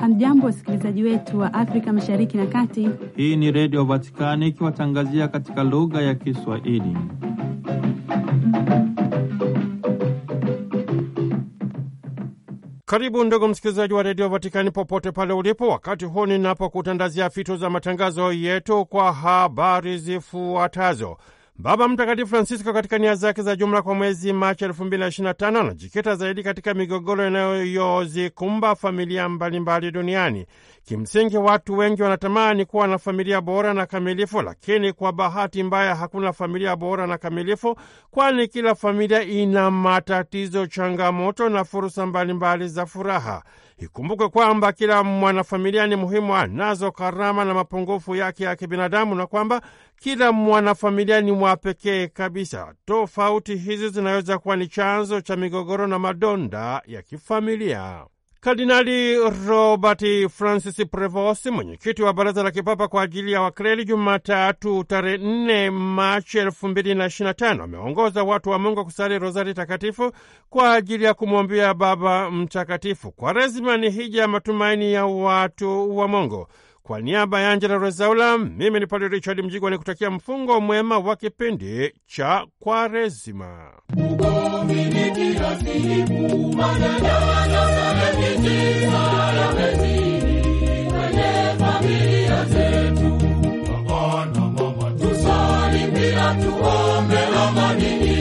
Hamjambo, wasikilizaji wetu wa Afrika mashariki na kati. Hii ni Redio Vatikani ikiwatangazia katika lugha ya Kiswahili. Karibu ndugu msikilizaji wa redio Vatikani popote pale ulipo, wakati huu ninapokutandazia fito za matangazo yetu kwa habari zifuatazo. Baba Mtakatifu Francisco katika nia zake za jumla kwa mwezi Machi 2025 anajikita zaidi katika migogoro inayozikumba familia mbalimbali mbali duniani. Kimsingi, watu wengi wanatamani kuwa na familia bora na kamilifu, lakini kwa bahati mbaya hakuna familia bora na kamilifu, kwani kila familia ina matatizo, changamoto na fursa mbalimbali za furaha. Ikumbukwe kwamba kila mwanafamilia ni muhimu, anazo karama na mapungufu yake ya kibinadamu, na kwamba kila mwanafamilia ni wa pekee kabisa. Tofauti hizi zinaweza kuwa ni chanzo cha migogoro na madonda ya kifamilia. Kardinali Robert Francis Prevost, mwenyekiti wa Baraza la Kipapa kwa ajili ya Wakreli, Jumatatu tarehe 4 Machi 2025 ameongoza watu wa Mungu kusali rozari takatifu kwa ajili ya kumwambia Baba Mtakatifu. Kwaresima ni hija ya matumaini ya watu wa Mungu. Kwa niaba ya Angela Rezaula, mimi ni Padre Richard Mjigwa ni kutakia mfungo mwema wa kipindi cha Kwaresima. Tuombe amani.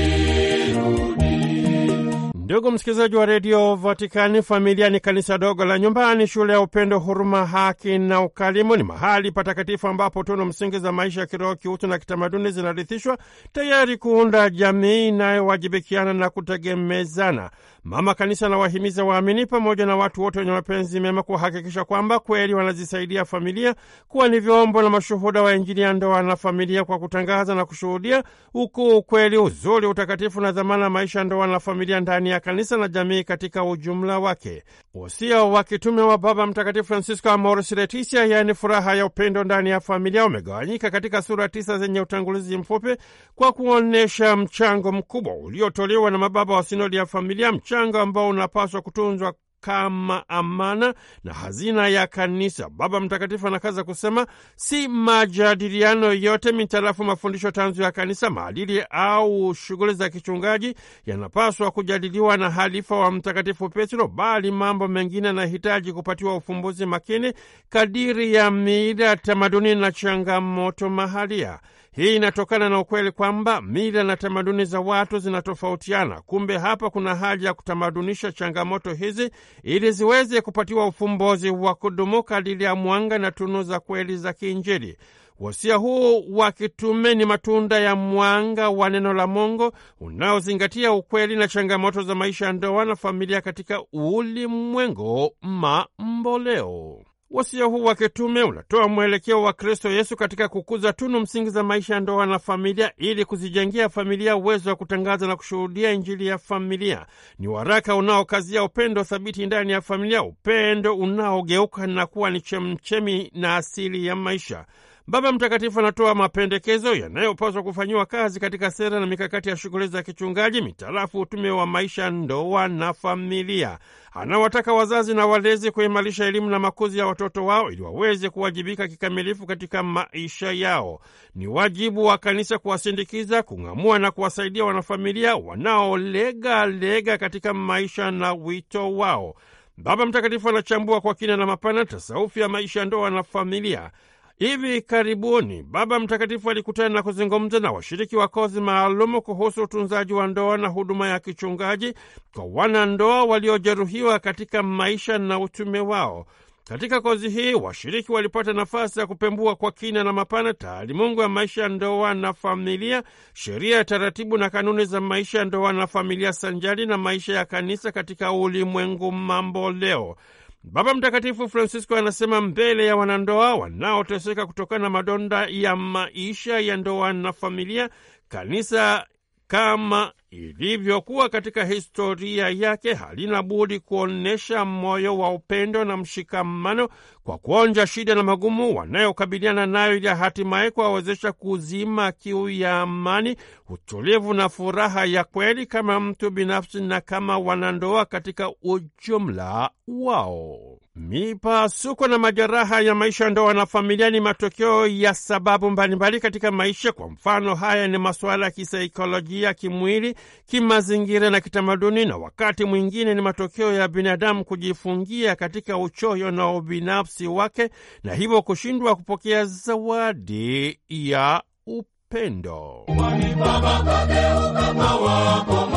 Ndugu msikilizaji wa redio Vatikani, familia ni kanisa dogo la nyumbani, shule ya upendo, huruma, haki na ukarimu. Ni mahali patakatifu ambapo tunu msingi za maisha ya kiroho, kiutu na kitamaduni zinarithishwa, tayari kuunda jamii inayowajibikiana na kutegemezana. Mama Kanisa anawahimiza waamini pamoja na watu wote wenye mapenzi mema kuhakikisha kwamba kweli wanazisaidia familia kuwa ni vyombo na mashuhuda wa Injili ya ndoa na familia kwa kutangaza na kushuhudia ukuu, ukweli, uzuri, utakatifu na dhamana maisha ndoa na familia ndani ya kanisa na jamii katika ujumla wake. Usia wa kitume wa Baba Mtakatifu Francisco, Amoris Laetitia, yaani furaha ya upendo ndani ya familia, umegawanyika katika sura tisa zenye utangulizi mfupi kwa kuonyesha mchango mkubwa uliotolewa na mababa wa sinodi ya familia, mchango ambao unapaswa kutunzwa kama amana na hazina ya kanisa. Baba Mtakatifu anakaza kusema si majadiliano yote mitarafu mafundisho tanzu ya kanisa, maadili au shughuli za kichungaji yanapaswa kujadiliwa na halifa wa Mtakatifu Petro, bali mambo mengine yanahitaji kupatiwa ufumbuzi makini kadiri ya miida tamaduni na changamoto mahalia. Hii inatokana na ukweli kwamba mila na tamaduni za watu zinatofautiana. Kumbe hapa kuna haja ya kutamadunisha changamoto hizi ili ziweze kupatiwa ufumbozi wa kudumu kadiri ya mwanga na tunu za kweli za kiinjili. Wasia huu wa kitume ni matunda ya mwanga wa neno la Mungu unaozingatia ukweli na changamoto za maisha ya ndoa na familia katika ulimwengu mamboleo. Wasia huu wa kitume unatoa mwelekeo wa Kristo Yesu katika kukuza tunu msingi za maisha ya ndoa na familia ili kuzijengia familia uwezo wa kutangaza na kushuhudia Injili ya familia. Ni waraka unaokazia upendo thabiti ndani ya familia, upendo unaogeuka na kuwa ni chemchemi na asili ya maisha. Baba Mtakatifu anatoa mapendekezo yanayopaswa kufanyiwa kazi katika sera na mikakati ya shughuli za kichungaji mitarafu utume wa maisha, ndoa na familia. Anawataka wazazi na walezi kuimarisha elimu na makuzi ya watoto wao ili waweze kuwajibika kikamilifu katika maisha yao. Ni wajibu wa kanisa kuwasindikiza, kung'amua na kuwasaidia wanafamilia wanaolegalega katika maisha na wito wao. Baba Mtakatifu anachambua kwa kina na mapana tasaufi ya maisha, ndoa na familia. Hivi karibuni Baba Mtakatifu alikutana na kuzungumza na washiriki wa kozi maalumu kuhusu utunzaji wa ndoa na huduma ya kichungaji kwa wanandoa waliojeruhiwa katika maisha na utume wao. Katika kozi hii washiriki walipata nafasi ya kupembua kwa kina na mapana taalimungu ya maisha ya ndoa na familia, sheria ya taratibu na kanuni za maisha ya ndoa na familia, sanjari na maisha ya kanisa katika ulimwengu mambo leo. Baba Mtakatifu Francisco anasema mbele ya wanandoa wanaoteseka kutokana na madonda ya maisha ya ndoa na familia, kanisa kama ilivyokuwa katika historia yake halina budi kuonyesha moyo wa upendo na mshikamano kwa kuonja shida na magumu wanayokabiliana nayo ili hatimaye kuwawezesha kuzima kiu ya amani, utulivu na furaha ya kweli kama mtu binafsi na kama wanandoa katika ujumla wao. Mipasuko na majeraha ya maisha, ndoa na familia ni matokeo ya sababu mbalimbali katika maisha. Kwa mfano, haya ni masuala ya kisaikolojia, kimwili, kimazingira na kitamaduni, na wakati mwingine ni matokeo ya binadamu kujifungia katika uchoyo na ubinafsi wake, na hivyo kushindwa kupokea zawadi ya upendo. Kwani baba kageuka kwa wako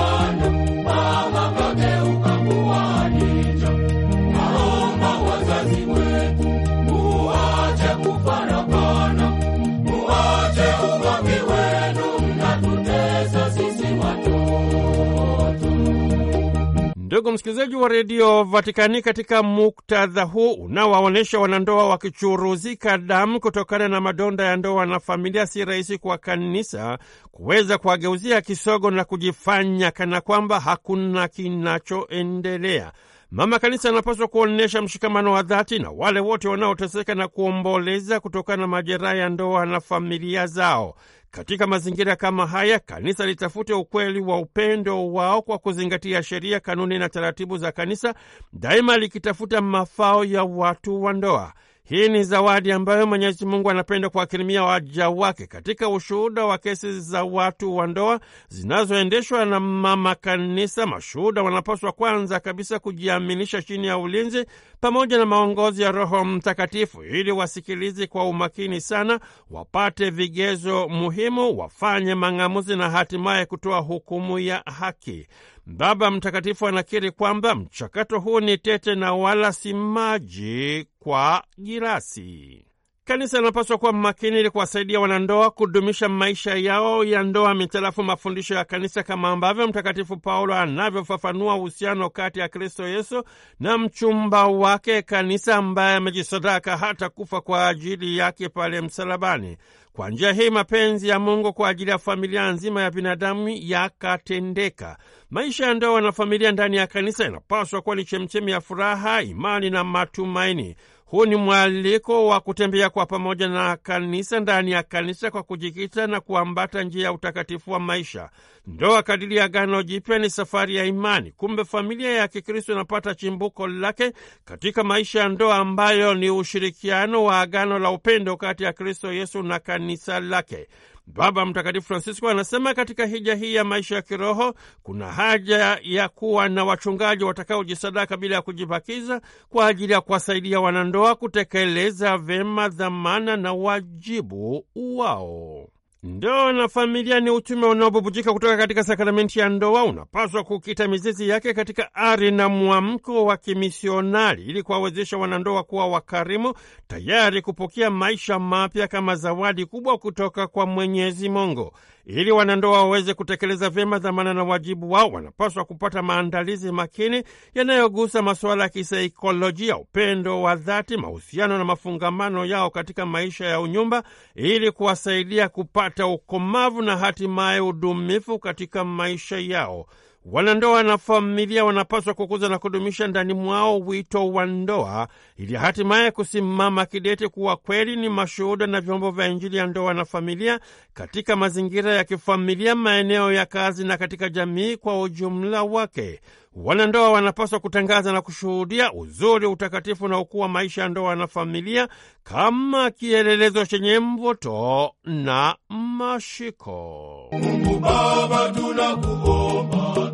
Ndugu msikilizaji wa redio Vatikani, katika muktadha huu unawaonyesha wanandoa wakichuruzika damu kutokana na madonda ya ndoa na familia, si rahisi kwa kanisa kuweza kuwageuzia kisogo na kujifanya kana kwamba hakuna kinachoendelea. Mama Kanisa anapaswa kuonyesha mshikamano wa dhati na wale wote wanaoteseka na kuomboleza kutokana na majeraha ya ndoa na familia zao. Katika mazingira kama haya, kanisa litafute ukweli wa upendo wao kwa kuzingatia sheria, kanuni na taratibu za kanisa, daima likitafuta mafao ya watu wa ndoa. Hii ni zawadi ambayo Mwenyezi Mungu anapenda kuwakirimia waja wake. Katika ushuhuda wa kesi za watu wa ndoa zinazoendeshwa na mama kanisa, mashuhuda wanapaswa kwanza kabisa kujiaminisha chini ya ulinzi pamoja na maongozi ya Roho Mtakatifu ili wasikilizi kwa umakini sana, wapate vigezo muhimu, wafanye mang'amuzi na hatimaye kutoa hukumu ya haki. Baba Mtakatifu anakiri kwamba mchakato huu ni tete na wala si maji kwa jirasi. Kanisa linapaswa kuwa makini ili kuwasaidia wanandoa kudumisha maisha yao ya ndoa mitarafu mafundisho ya Kanisa, kama ambavyo Mtakatifu Paulo anavyofafanua uhusiano kati ya Kristo Yesu na mchumba wake Kanisa, ambaye amejisadaka hata kufa kwa ajili yake pale msalabani. Kwa njia hii mapenzi ya Mungu kwa ajili ya familia nzima ya binadamu yakatendeka. Maisha ya ndoa na familia ndani ya kanisa inapaswa kuwa ni chemchemi ya furaha, imani na matumaini. Huu ni mwaliko wa kutembea kwa pamoja na kanisa ndani ya kanisa kwa kujikita na kuambata njia ya utakatifu wa maisha. Ndoa kadiri ya Agano Jipya ni safari ya imani. Kumbe familia ya Kikristo inapata chimbuko lake katika maisha ya ndoa ambayo ni ushirikiano wa agano la upendo kati ya Kristo Yesu na kanisa lake. Baba Mtakatifu Francisco anasema katika hija hii ya maisha ya kiroho kuna haja ya kuwa na wachungaji watakaojisadaka bila ya kujibakiza kwa ajili ya kuwasaidia wanandoa kutekeleza vema dhamana na wajibu wao. Ndoa na familia ni utume unaobubujika kutoka katika sakramenti ya ndoa, unapaswa kukita mizizi yake katika ari na mwamko wa kimisionari, ili kuwawezesha wanandoa kuwa wakarimu, tayari kupokea maisha mapya kama zawadi kubwa kutoka kwa Mwenyezi Mungu. Ili wanandoa waweze kutekeleza vyema dhamana na wajibu wao, wanapaswa kupata maandalizi makini yanayogusa masuala ya kisaikolojia, upendo wa dhati, mahusiano na mafungamano yao katika maisha ya unyumba, ili kuwasaidia kupata ukomavu na hatimaye udumifu katika maisha yao. Wanandoa na familia wanapaswa kukuza na kudumisha ndani mwao wito wa ndoa ili hatimaye kusimama kidete kuwa kweli ni mashuhuda na vyombo vya Injili ya ndoa na familia katika mazingira ya kifamilia, maeneo ya kazi na katika jamii kwa ujumla wake. Wanandoa wanapaswa kutangaza na kushuhudia uzuri, utakatifu na ukuu wa maisha ya ndoa na familia kama kielelezo chenye mvuto na mashiko. Mungu Baba, tunakuomba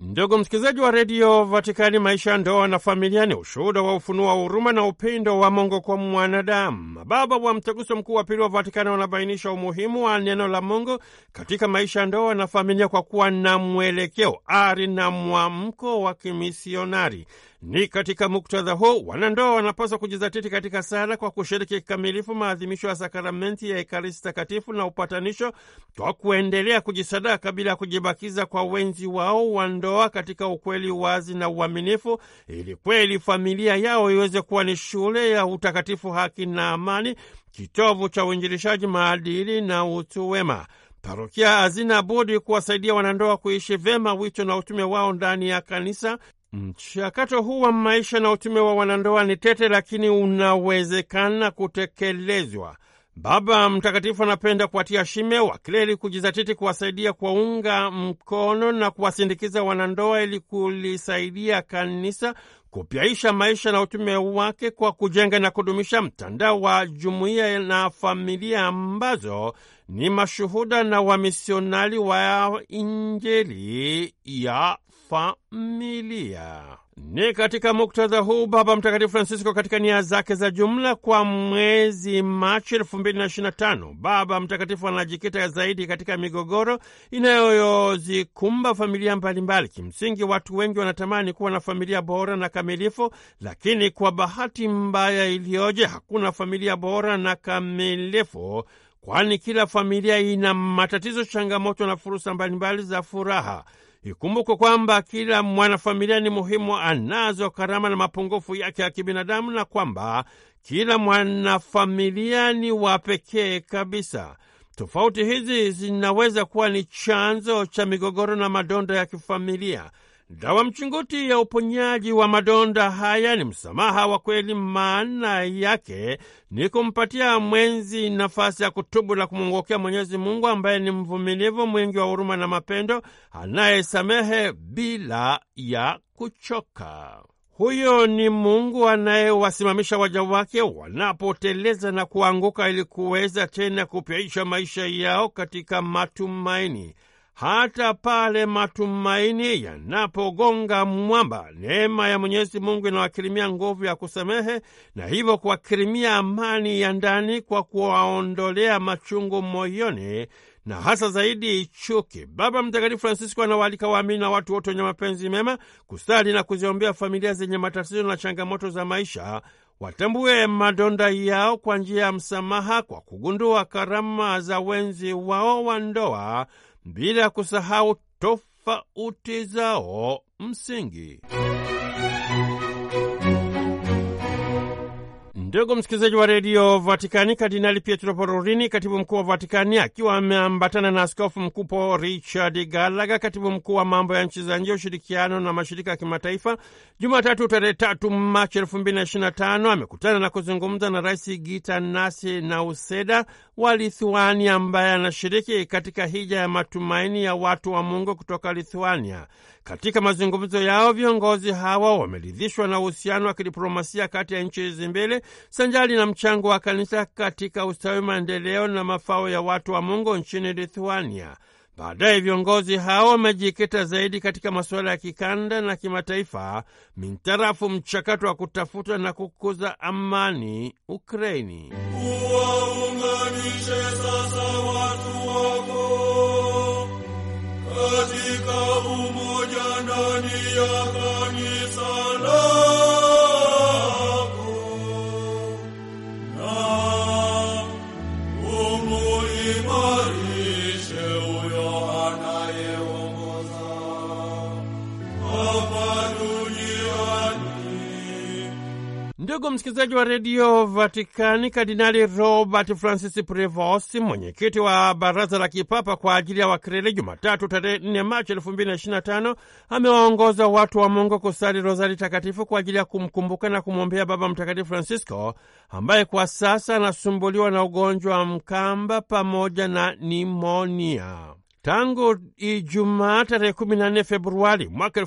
Ndugu msikilizaji wa redio Vatikani, maisha ya ndoa na familia ni ushuhuda wa ufunuo wa huruma na upendo wa Mungu kwa mwanadamu. Mababa wa Mtaguso Mkuu wa Pili wa Vatikani wanabainisha umuhimu wa neno la Mungu katika maisha ya ndoa na familia kwa kuwa na mwelekeo, ari na mwamko wa kimisionari. Ni katika muktadha huu wanandoa wanapaswa kujizatiti katika sala kwa kushiriki kikamilifu maadhimisho ya sakramenti ya Ekaristi Takatifu na upatanisho kwa kuendelea kujisadaka bila ya kujibakiza kwa wenzi wao wa ndoa katika ukweli wazi na uaminifu, ili kweli familia yao iweze kuwa ni shule ya utakatifu, haki na amani, kitovu cha uinjilishaji maadili na utu wema. Parokia hazina budi kuwasaidia wanandoa kuishi vema wito na utume wao ndani ya kanisa Mchakato huu wa maisha na utume wa wanandoa ni tete, lakini unawezekana kutekelezwa. Baba Mtakatifu anapenda kuwatia shime wakleri kujizatiti kuwasaidia, kuwaunga mkono na kuwasindikiza wanandoa ili kulisaidia kanisa kupyaisha maisha na utume wake kwa kujenga na kudumisha mtandao wa jumuiya na familia ambazo ni mashuhuda na wamisionari wa Injili ya familia. Ni katika muktadha huu Baba Mtakatifu Francisco, katika nia zake za jumla kwa mwezi Machi elfu mbili na tano, Baba Mtakatifu anajikita zaidi katika migogoro inayozikumba familia mbalimbali. Kimsingi, watu wengi wanatamani kuwa na familia bora na kamilifu, lakini kwa bahati mbaya iliyoje, hakuna familia bora na kamilifu kwani kila familia ina matatizo, changamoto na fursa mbalimbali za furaha. Ikumbukwe kwamba kila mwanafamilia ni muhimu, anazo karama na mapungufu yake ya kibinadamu, na kwamba kila mwanafamilia ni wa pekee kabisa. Tofauti hizi zinaweza kuwa ni chanzo cha migogoro na madonda ya kifamilia. Dawa mchunguti ya uponyaji wa madonda haya ni msamaha wa kweli. Maana yake ni kumpatia mwenzi nafasi ya kutubu na kumwongokea Mwenyezi Mungu ambaye ni mvumilivu, mwingi wa huruma na mapendo, anayesamehe bila ya kuchoka. Huyo ni Mungu anayewasimamisha waja wake wanapoteleza na kuanguka, ili kuweza tena kupyaisha maisha yao katika matumaini hata pale matumaini yanapogonga mwamba, neema ya Mwenyezi Mungu inawakirimia nguvu ya kusamehe na hivyo kuwakirimia amani ya ndani kwa kuwaondolea machungu moyoni na hasa zaidi chuki. Baba Mtakatifu fransisco anawaalika waamini na watu wote wenye mapenzi mema kusali na kuziombea familia zenye matatizo na changamoto za maisha, watambue madonda yao kwa njia ya msamaha, kwa kugundua karama za wenzi wao wa ndoa bila kusahau tofauti zao msingi. Ndugu msikilizaji wa redio Vatikani, Kardinali Pietro Parolin, katibu mkuu wa Vatikani, akiwa ameambatana na askofu mkuu Richard Gallagher, katibu mkuu wa mambo ya nchi za nje, ushirikiano na mashirika ya kimataifa, Jumatatu tarehe tatu Machi elfu mbili na ishirini na tano amekutana na kuzungumza na Rais na Nauseda wa Lithuania, ambaye anashiriki katika hija ya matumaini ya watu wa Mungu kutoka Lithuania. Katika mazungumzo yao, viongozi hawa wameridhishwa na uhusiano wa kidiplomasia kati ya nchi hizi mbili sanjali na mchango wa kanisa katika ustawi, maendeleo na mafao ya watu wa Mungu nchini Lithuania. Baadaye viongozi hao wamejikita zaidi katika masuala ya kikanda na kimataifa mintarafu mchakato wa kutafuta na kukuza amani Ukraini. Uwaunganishe sasa watu wako katika umoja ndani ya msikilizaji wa redio Vatikani, Kardinali Robert Francis Prevost, mwenyekiti wa baraza la kipapa kwa ajili ya wakrele, Jumatatu tarehe 4 Machi 2025 amewaongoza watu wa Mungu kusali rozari takatifu kwa ajili ya kumkumbuka na kumwombea Baba Mtakatifu Francisco ambaye kwa sasa anasumbuliwa na ugonjwa wa mkamba pamoja na nimonia. Tangu Ijumaa tarehe 14 Februari mwaka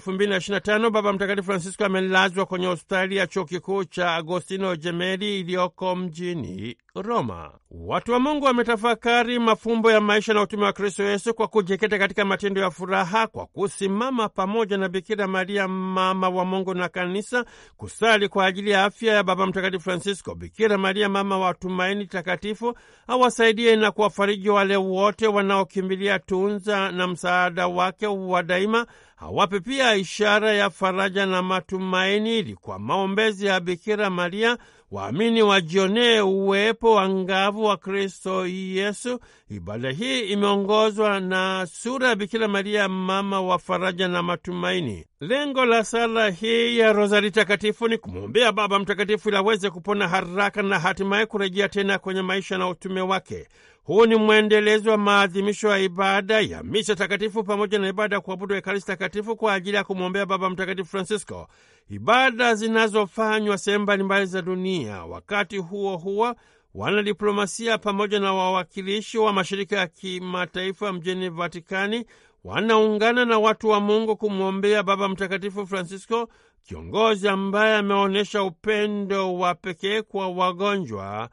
tano Baba Mtakatifu Francisco amelazwa kwenye hospitali ya chuo kikuu cha Agostino Jemeli iliyoko mjini Roma. Watu wa Mungu wametafakari mafumbo ya maisha na utume wa Kristo Yesu kwa kujikita katika matendo ya furaha, kwa kusimama pamoja na Bikira Maria mama wa Mungu na Kanisa, kusali kwa ajili ya afya ya Baba Mtakatifu Francisco. Bikira Maria mama wa tumaini takatifu awasaidie na kuwafariji wale wote wanaokimbilia tu kujitunza na msaada wake wa daima. Hawape pia ishara ya faraja na matumaini, ili kwa maombezi ya Bikira Maria waamini wajionee uwepo wa ngavu wa Kristo Yesu. Ibada hii imeongozwa na sura ya Bikira Maria, mama wa faraja na matumaini. Lengo la sala hii ya Rozari Takatifu ni kumwombea Baba Mtakatifu ili aweze kupona haraka na hatimaye kurejea tena kwenye maisha na utume wake. Huu ni mwendelezo wa maadhimisho ya ibada ya misa takatifu pamoja na ibada ya kuabudu Ekaristi takatifu kwa ajili ya kumwombea Baba Mtakatifu Francisco, ibada zinazofanywa sehemu mbalimbali za dunia. Wakati huo huo, wanadiplomasia pamoja na wawakilishi wa mashirika ya kimataifa mjini Vatikani wanaungana na watu wa Mungu kumwombea Baba Mtakatifu Francisco, kiongozi ambaye ameonyesha upendo wa pekee kwa wagonjwa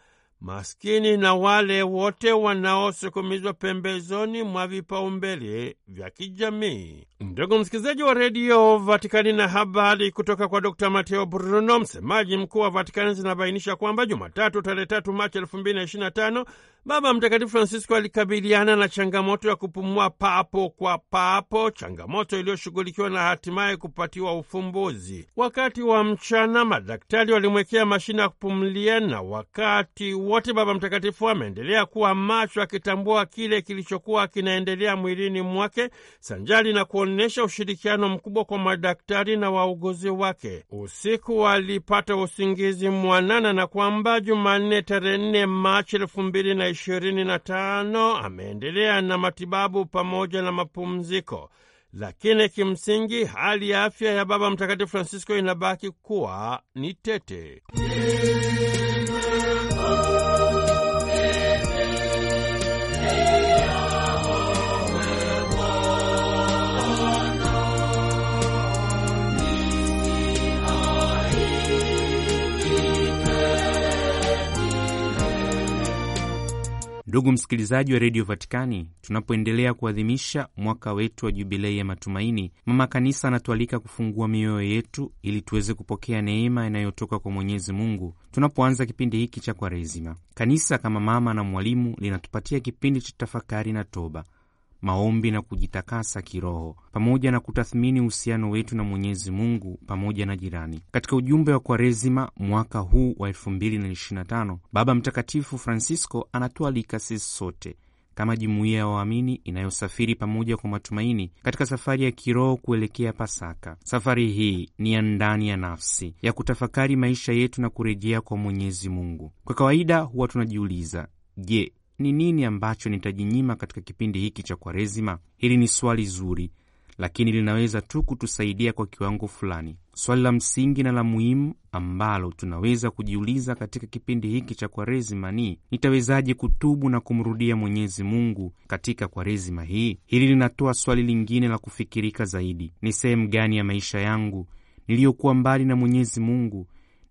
maskini na wale wote wanaosukumizwa pembezoni mwa vipaumbele vya kijamii. Ndugu msikilizaji wa redio Vatikani, na habari kutoka kwa Dr Mateo Bruno, msemaji mkuu wa Vatikani zinabainisha kwamba Jumatatu tarehe tatu Machi elfu mbili na ishirini na tano Baba Mtakatifu Francisco alikabiliana na changamoto ya kupumua papo kwa papo, changamoto iliyoshughulikiwa na hatimaye kupatiwa ufumbuzi. Wakati wa mchana madaktari walimwekea mashine ya kupumulia, na wakati wote Baba Mtakatifu ameendelea kuwa macho, akitambua kile kilichokuwa kinaendelea mwilini mwake sanjali na kuona kuonyesha ushirikiano mkubwa kwa madaktari na wauguzi wake. Usiku walipata usingizi mwanana, na kwamba Jumanne tarehe nne Machi elfu mbili na ishirini na tano ameendelea na matibabu pamoja na mapumziko, lakini kimsingi hali ya afya ya Baba Mtakatifu Francisco inabaki kuwa ni tete. Ndugu msikilizaji wa redio Vatikani, tunapoendelea kuadhimisha mwaka wetu wa jubilei ya matumaini, mama kanisa anatualika kufungua mioyo yetu ili tuweze kupokea neema inayotoka kwa Mwenyezi Mungu. Tunapoanza kipindi hiki cha Kwaresima, kanisa kama mama na mwalimu linatupatia kipindi cha tafakari na toba maombi na kujitakasa kiroho, pamoja na kutathmini uhusiano wetu na Mwenyezi Mungu pamoja na jirani. Katika ujumbe wa Kwaresima mwaka huu wa 2025, Baba Mtakatifu Francisco anatualika sisi sote kama jumuiya ya waamini inayosafiri pamoja kwa matumaini katika safari ya kiroho kuelekea Pasaka. Safari hii ni ya ndani ya nafsi ya kutafakari maisha yetu na kurejea kwa Mwenyezi Mungu. Kwa kawaida huwa tunajiuliza, je, ni nini ambacho nitajinyima katika kipindi hiki cha Kwaresima? Hili ni swali zuri, lakini linaweza tu kutusaidia kwa kiwango fulani. Swali la msingi na la muhimu ambalo tunaweza kujiuliza katika kipindi hiki cha Kwaresima ni nitawezaje kutubu na kumrudia Mwenyezi Mungu katika Kwaresima hii? Hili linatoa swali lingine la kufikirika zaidi: ni sehemu gani ya maisha yangu niliyokuwa mbali na Mwenyezi Mungu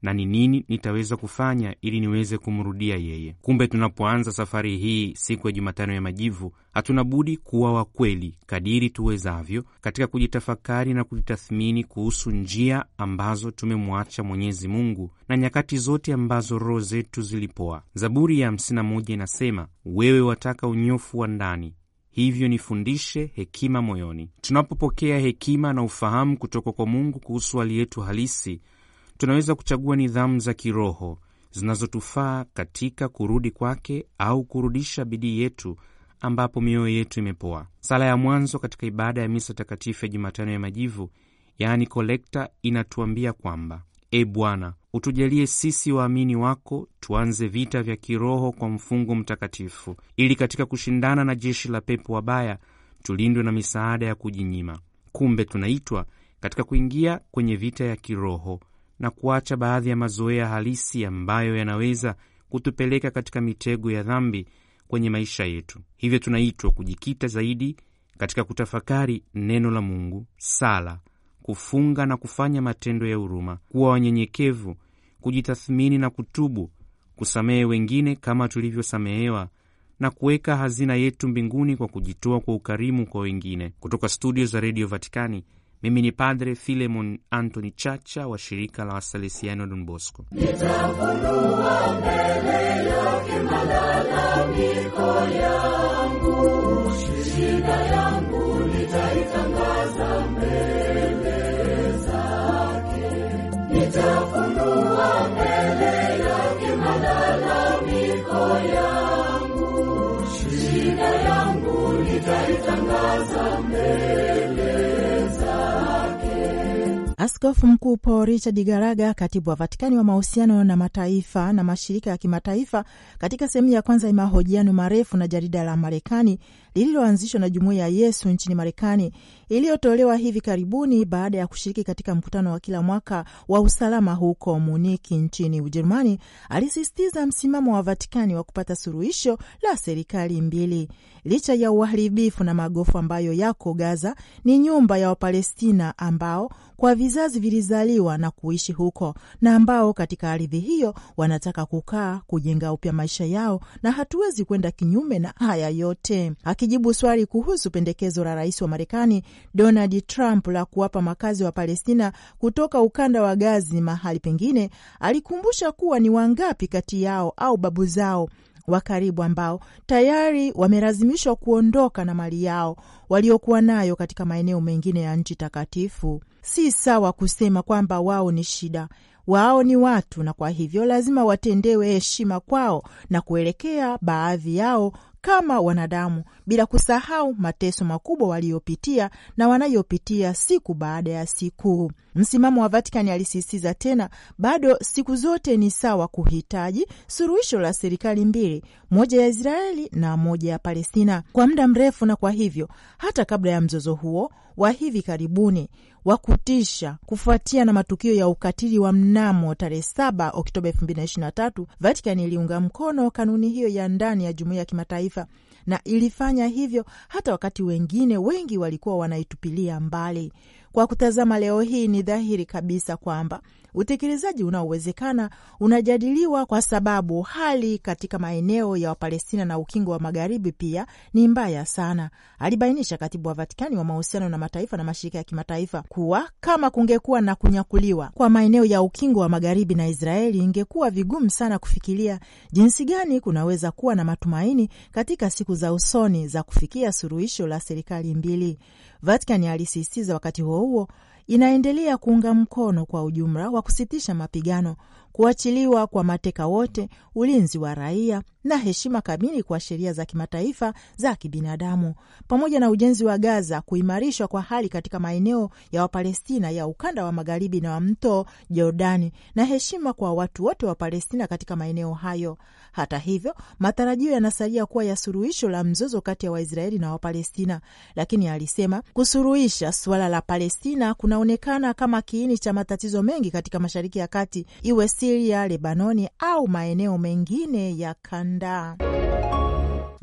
na ni nini nitaweza kufanya ili niweze kumrudia yeye. Kumbe tunapoanza safari hii siku ya Jumatano ya Majivu, hatuna budi kuwa wa kweli kadiri tuwezavyo katika kujitafakari na kujitathmini kuhusu njia ambazo tumemwacha Mwenyezi Mungu na nyakati zote ambazo roho zetu zilipoa. Zaburi ya 51 inasema, wewe wataka unyofu wa ndani hivyo nifundishe hekima moyoni. Tunapopokea hekima na ufahamu kutoka kwa Mungu kuhusu hali yetu halisi, tunaweza kuchagua nidhamu za kiroho zinazotufaa katika kurudi kwake au kurudisha bidii yetu ambapo mioyo yetu imepoa. Sala ya mwanzo katika ibada ya misa takatifu ya Jumatano ya Majivu, yaani kolekta, inatuambia kwamba E Bwana, utujalie sisi waamini wako tuanze vita vya kiroho kwa mfungo mtakatifu, ili katika kushindana na jeshi la pepo wabaya tulindwe na misaada ya kujinyima. Kumbe tunaitwa katika kuingia kwenye vita ya kiroho na kuacha baadhi ya mazoea halisi ambayo yanaweza kutupeleka katika mitego ya dhambi kwenye maisha yetu. Hivyo tunaitwa kujikita zaidi katika kutafakari neno la Mungu, sala, kufunga na kufanya matendo ya huruma, kuwa wanyenyekevu, kujitathmini na kutubu, kusamehe wengine kama tulivyosamehewa na kuweka hazina yetu mbinguni kwa kujitoa kwa ukarimu kwa wengine. Kutoka studio za redio Vatikani. Mimi ni Padre Filemon Anthony Chacha wa shirika la Wasalesiano Don Bosco. Nitafunua mbele yake malalamiko yangu, shida yangu nitaitangaza mbele zake. Nitafunua mbele yake malalamiko yangu, shida yangu nitaitangaza Askofu Mkuu Paul Richard Garaga, katibu wa Vatikani wa mahusiano na mataifa na mashirika ya kimataifa, katika sehemu ya kwanza ya mahojiano marefu na jarida la Marekani lililoanzishwa na Jumuiya ya Yesu nchini Marekani, iliyotolewa hivi karibuni baada ya kushiriki katika mkutano wa kila mwaka wa usalama huko Muniki nchini Ujerumani, alisisitiza msimamo wa Vatikani wa kupata suluhisho la serikali mbili. Licha ya uharibifu na magofu ambayo yako Gaza, ni nyumba ya Wapalestina ambao kwa vizazi vilizaliwa na kuishi huko na ambao katika ardhi hiyo wanataka kukaa, kujenga upya maisha yao, na hatuwezi kwenda kinyume na haya yote Aki akijibu swali kuhusu pendekezo la rais wa Marekani Donald Trump la kuwapa makazi wa Palestina kutoka ukanda wa Gazi mahali pengine, alikumbusha kuwa ni wangapi kati yao au babu zao wa karibu ambao tayari wamelazimishwa kuondoka na mali yao waliokuwa nayo katika maeneo mengine ya nchi takatifu. Si sawa kusema kwamba wao ni shida, wao ni watu, na kwa hivyo lazima watendewe heshima kwao na kuelekea baadhi yao kama wanadamu, bila kusahau mateso makubwa waliyopitia na wanayopitia siku baada ya siku. Msimamo wa Vatikani, alisisitiza tena, bado siku zote ni sawa kuhitaji suluhisho la serikali mbili, moja ya Israeli na moja ya Palestina, kwa muda mrefu, na kwa hivyo hata kabla ya mzozo huo wa hivi karibuni wa kutisha kufuatia na matukio ya ukatili wa mnamo tarehe 7 Oktoba 2023, Vatican iliunga mkono kanuni hiyo ya ndani ya jumuiya ya kimataifa na ilifanya hivyo hata wakati wengine wengi walikuwa wanaitupilia mbali. Kwa kutazama leo hii, ni dhahiri kabisa kwamba utekelezaji unaowezekana unajadiliwa kwa sababu hali katika maeneo ya Wapalestina na ukingo wa magharibi pia ni mbaya sana, alibainisha katibu wa Vatikani wa mahusiano na mataifa na mashirika ya kimataifa kuwa kama kungekuwa na kunyakuliwa kwa maeneo ya ukingo wa magharibi na Israeli, ingekuwa vigumu sana kufikiria jinsi gani kunaweza kuwa na matumaini katika siku za usoni za kufikia suluhisho la serikali mbili. Vatikani alisisitiza wakati huo huo inaendelea kuunga mkono kwa ujumla wa kusitisha mapigano kuachiliwa kwa mateka wote, ulinzi wa raia na heshima kamili kwa sheria za kimataifa za kibinadamu, pamoja na ujenzi wa Gaza, kuimarishwa kwa hali katika maeneo ya Wapalestina ya ukanda wa magharibi na wa mto Jordani, na heshima kwa watu wote wa Palestina katika maeneo hayo. Hata hivyo, matarajio yanasalia kuwa ya suluhisho la mzozo kati ya Waisraeli na Wapalestina, lakini alisema kusuruhisha suala la Palestina kunaonekana kama kiini cha matatizo mengi katika Mashariki ya Kati, iwe si Siria, Lebanoni au maeneo mengine ya kanda.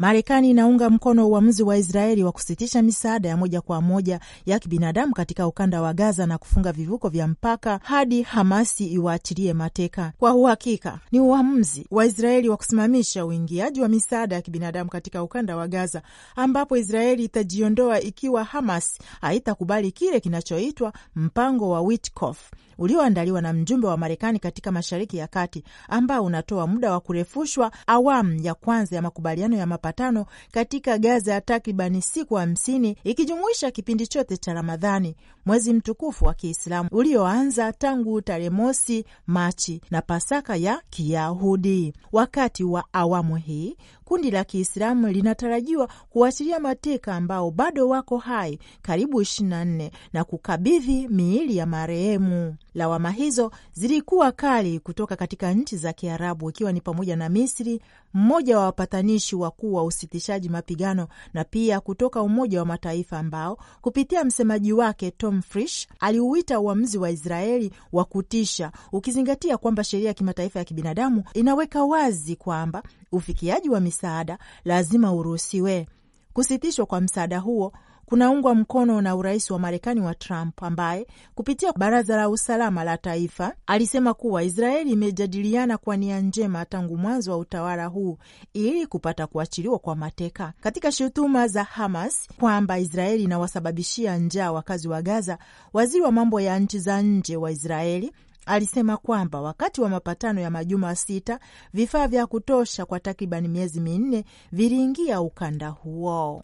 Marekani inaunga mkono uamuzi wa Israeli wa kusitisha misaada ya moja kwa moja ya kibinadamu katika ukanda wa Gaza na kufunga vivuko vya mpaka hadi Hamasi iwaachilie mateka. Kwa uhakika ni uamuzi wa Israeli wa kusimamisha uingiaji wa misaada ya kibinadamu katika ukanda wa Gaza, ambapo Israeli itajiondoa ikiwa Hamas haitakubali kile kinachoitwa mpango wa Witkoff ulioandaliwa na mjumbe wa Marekani katika Mashariki ya Kati, ambao unatoa muda wa kurefushwa awamu ya kwanza ya makubaliano ya mapatano watano katika Gaza ya takribani siku hamsini ikijumuisha kipindi chote cha Ramadhani, mwezi mtukufu wa Kiislamu ulioanza tangu tarehe mosi Machi na Pasaka ya Kiyahudi. Wakati wa awamu hii kundi la Kiislamu linatarajiwa kuwasilia mateka ambao bado wako hai karibu 24 na kukabidhi miili ya marehemu. Lawama hizo zilikuwa kali kutoka katika nchi za Kiarabu, ikiwa ni pamoja na Misri, mmoja wa wapatanishi wakuu wa usitishaji mapigano, na pia kutoka Umoja wa Mataifa ambao kupitia msemaji wake Tom Frisch aliuita uamuzi wa Israeli wa kutisha, ukizingatia kwamba sheria ya kimataifa ya kibinadamu inaweka wazi kwamba ufikiaji wa misi msaada lazima uruhusiwe. Kusitishwa kwa msaada huo kunaungwa mkono na urais wa Marekani wa Trump ambaye kupitia Baraza la Usalama la Taifa alisema kuwa Israeli imejadiliana kwa nia njema tangu mwanzo wa utawala huu ili kupata kuachiliwa kwa mateka. Katika shutuma za Hamas kwamba Israeli inawasababishia njaa wakazi wa Gaza, waziri wa mambo ya nchi za nje wa Israeli Alisema kwamba wakati wa mapatano ya majuma sita vifaa vya kutosha kwa takribani miezi minne viliingia ukanda huo.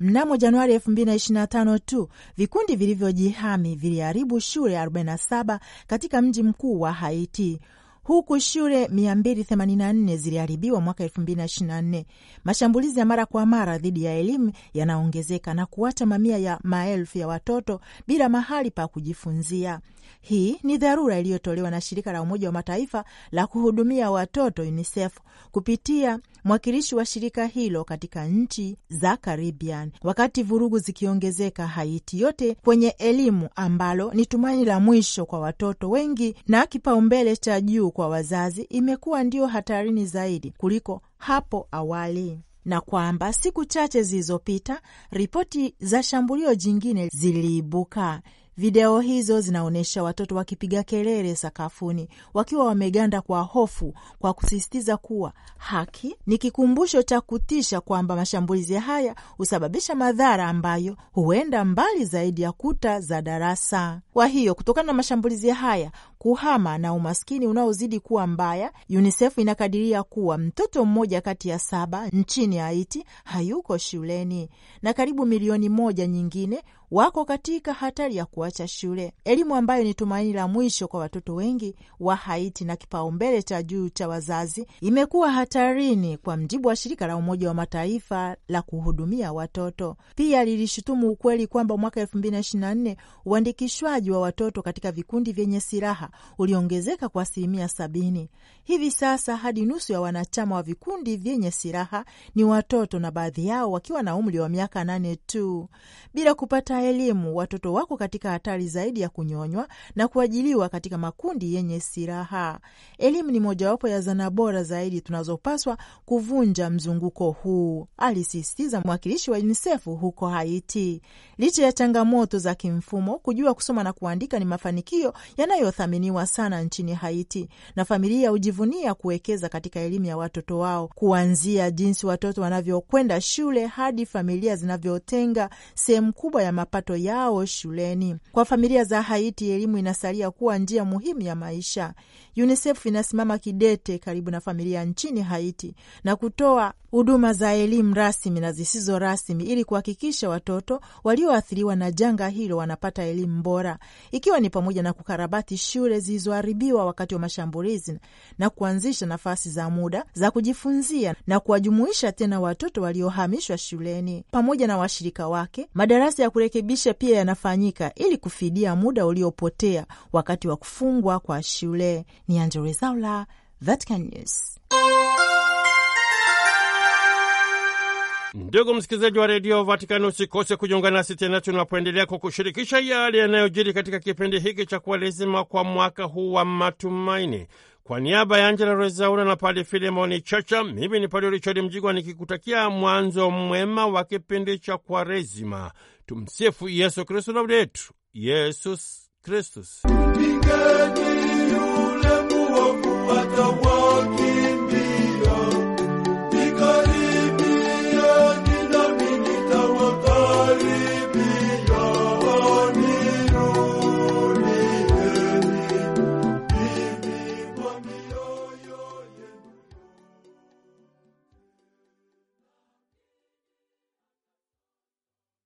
Mnamo Januari 2025 tu vikundi vilivyojihami viliharibu shule 47 katika mji mkuu wa Haiti huku shule 284 ziliharibiwa mwaka 2024. Mashambulizi ya mara kwa mara dhidi ya elimu yanaongezeka na kuacha mamia ya maelfu ya watoto bila mahali pa kujifunzia. Hii ni dharura iliyotolewa na shirika la Umoja wa Mataifa la kuhudumia watoto UNICEF kupitia mwakilishi wa shirika hilo katika nchi za Karibian, wakati vurugu zikiongezeka Haiti, yote kwenye elimu ambalo ni tumaini la mwisho kwa watoto wengi na kipaumbele cha juu kwa wazazi, imekuwa ndio hatarini zaidi kuliko hapo awali na kwamba siku chache zilizopita ripoti za shambulio jingine ziliibuka Video hizo zinaonyesha watoto wakipiga kelele sakafuni, wakiwa wameganda kwa hofu, kwa kusisitiza kuwa haki ni kikumbusho cha kutisha kwamba mashambulizi haya husababisha madhara ambayo huenda mbali zaidi ya kuta za darasa. Kwa hiyo, kutokana na mashambulizi haya, kuhama na umaskini unaozidi kuwa mbaya. UNICEF inakadiria kuwa mtoto mmoja kati ya saba nchini Haiti hayuko shuleni na karibu milioni moja nyingine wako katika hatari ya kuacha shule. Elimu ambayo ni tumaini la mwisho kwa watoto wengi wa Haiti na kipaumbele cha juu cha wazazi imekuwa hatarini, kwa mjibu wa shirika la Umoja wa Mataifa la kuhudumia watoto. Pia lilishutumu ukweli kwamba mwaka 2024 uandikishwaji wa watoto katika vikundi vyenye silaha uliongezeka kwa asilimia sabini. Hivi sasa hadi nusu ya wanachama wa vikundi vyenye silaha ni watoto, na baadhi yao wakiwa na umri wa miaka nane tu. Bila kupata elimu, watoto wako katika hatari zaidi ya kunyonywa na kuajiliwa katika makundi yenye silaha. Elimu ni mojawapo ya zana bora zaidi tunazopaswa kuvunja mzunguko huu, alisisitiza mwakilishi wa UNICEF huko Haiti. Licha ya changamoto za kimfumo, kujua kusoma na kuandika ni mafanikio yanayothamini wanathaminiwa sana nchini Haiti na familia hujivunia kuwekeza katika elimu ya watoto wao, kuanzia jinsi watoto wanavyokwenda shule hadi familia zinavyotenga sehemu kubwa ya mapato yao shuleni. Kwa familia za Haiti, elimu inasalia kuwa njia muhimu ya maisha. UNICEF inasimama kidete karibu na familia nchini Haiti na kutoa huduma za elimu rasmi na zisizo rasmi ili kuhakikisha watoto walioathiriwa na janga hilo wanapata elimu bora, ikiwa ni pamoja na kukarabati shule shule zilizoharibiwa wakati wa mashambulizi na kuanzisha nafasi za muda za kujifunzia na kuwajumuisha tena watoto waliohamishwa shuleni pamoja na washirika wake. Madarasa ya kurekebisha pia yanafanyika ili kufidia muda uliopotea wakati wa kufungwa kwa shule. Ni Angella Rwezaula, Vatican News. Ndugu msikilizaji wa redio Vatikani, usikose kujiunga nasi tena tunapoendelea kukushirikisha yale yanayojiri katika kipindi hiki cha Kwaresima kwa mwaka huu wa matumaini. Kwa niaba ya Angela Rezaura na pali Filemoni Chacha, mimi ni Padi Richard Mjigwa nikikutakia mwanzo mwema wa kipindi cha Kwaresima. Tumsifu Yesu Kristu, laudetu Yesus Kristus.